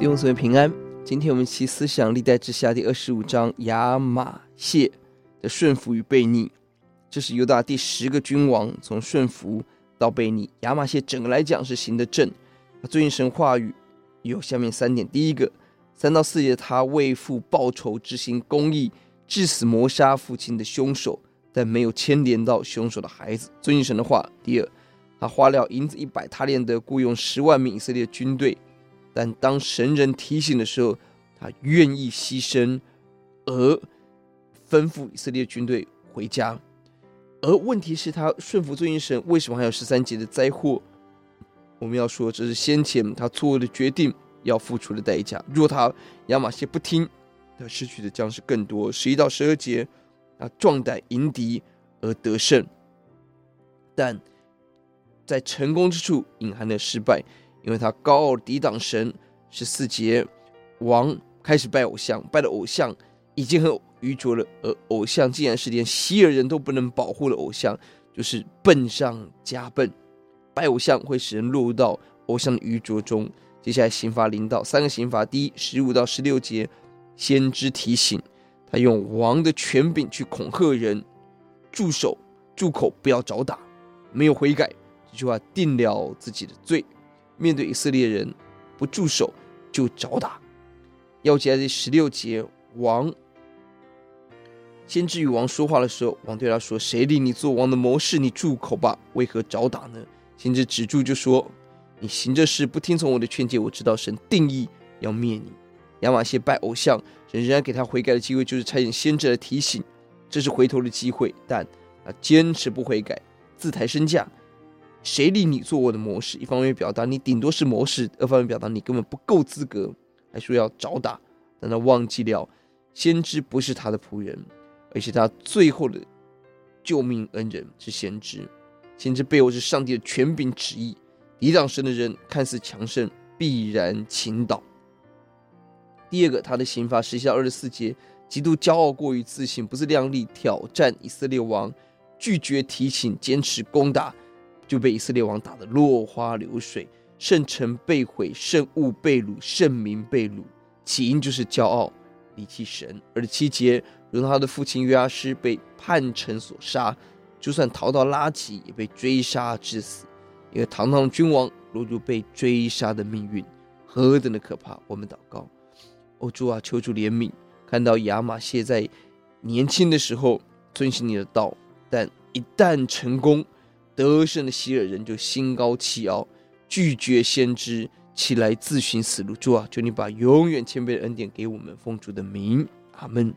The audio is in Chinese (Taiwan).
弟兄姊妹平安，今天我們齊思想歷代志下第二十五章亞馬謝的順服與悖逆。這是猶大第十個君王，從順服到悖逆。亞馬謝整個來講是行得正。遵行神話語有下面三點：第一個，三到四節，他為父報仇，執行公義，治死謀殺父親的兇手，但沒有牽連到兇手的孩子。遵行神的話，第二，他花了銀子一百他連得雇傭十萬名以色列軍隊。但當神人提醒的時候，他願意犧牲，而吩咐以色列軍隊回家。而問題是他順服遵行神，為什麼還有十三節的災禍？我們要說，這是先前他錯誤的決定要付出的代價。若他亞瑪謝不聽，他失去的將是更多。十一到十二節，他壯膽迎敵而得勝，但在成功之處隱含的失敗。因為他高傲抵擋神，十四節王開始拜偶像，拜的偶像已經很愚拙了，而偶像竟然是連西珥人都不能保護的偶像，就是笨上加笨。拜偶像會使人落入到偶像的愚拙中。接下來刑罰臨到三個刑罰，第一十五到十六節，先知提醒他用王的權柄去恐嚇人，住手，住口，不要找打，沒有悔改，這句話定了自己的罪。面對以色列人，不住手就找打。要記得第十六節王先知與王說話的時候，王對他說：“誰立你做王的謀士？你住口吧！為何找打呢？”先知止住就說：“你行這事不聽從我的勸誡，我知道神定意要滅你。亞瑪謝拜偶像，神仍然給他悔改的機會，就是差遣先知來提醒，這是回頭的機會。但他堅持不悔改，自抬身價。”誰立你做我的謀士？一方面表達你頂多是謀士，二方面表達你根本不夠資格，還說要找打。但他忘記了，先知不是他的僕人，而是他最後的救命恩人。是先知，先知背後是上帝的權柄旨意。抵擋神的人看似強盛，必然傾倒。第二個，他的刑罰十七到二十四節，極度驕傲，過於自信，不自量力，挑戰以色列王，拒絕提醒，堅持攻打。就被以色列王打得落花流水，聖城被毀，聖物被擄，聖民被擄。起因就是驕傲，離棄神。而七節如同他的父親約阿施被叛臣所殺，就算逃到拉吉也被追殺致死。因為堂堂君王落入被追殺的命運，何等的可怕！我們禱告，哦主啊，求主憐憫。看到亞瑪謝在年輕的時候遵循你的道，但一旦成功。得勝的西珥人，就心高氣傲，拒絕先知，起來自尋死路。主啊，求你把永遠謙卑的恩典給我們，奉主的名，阿門。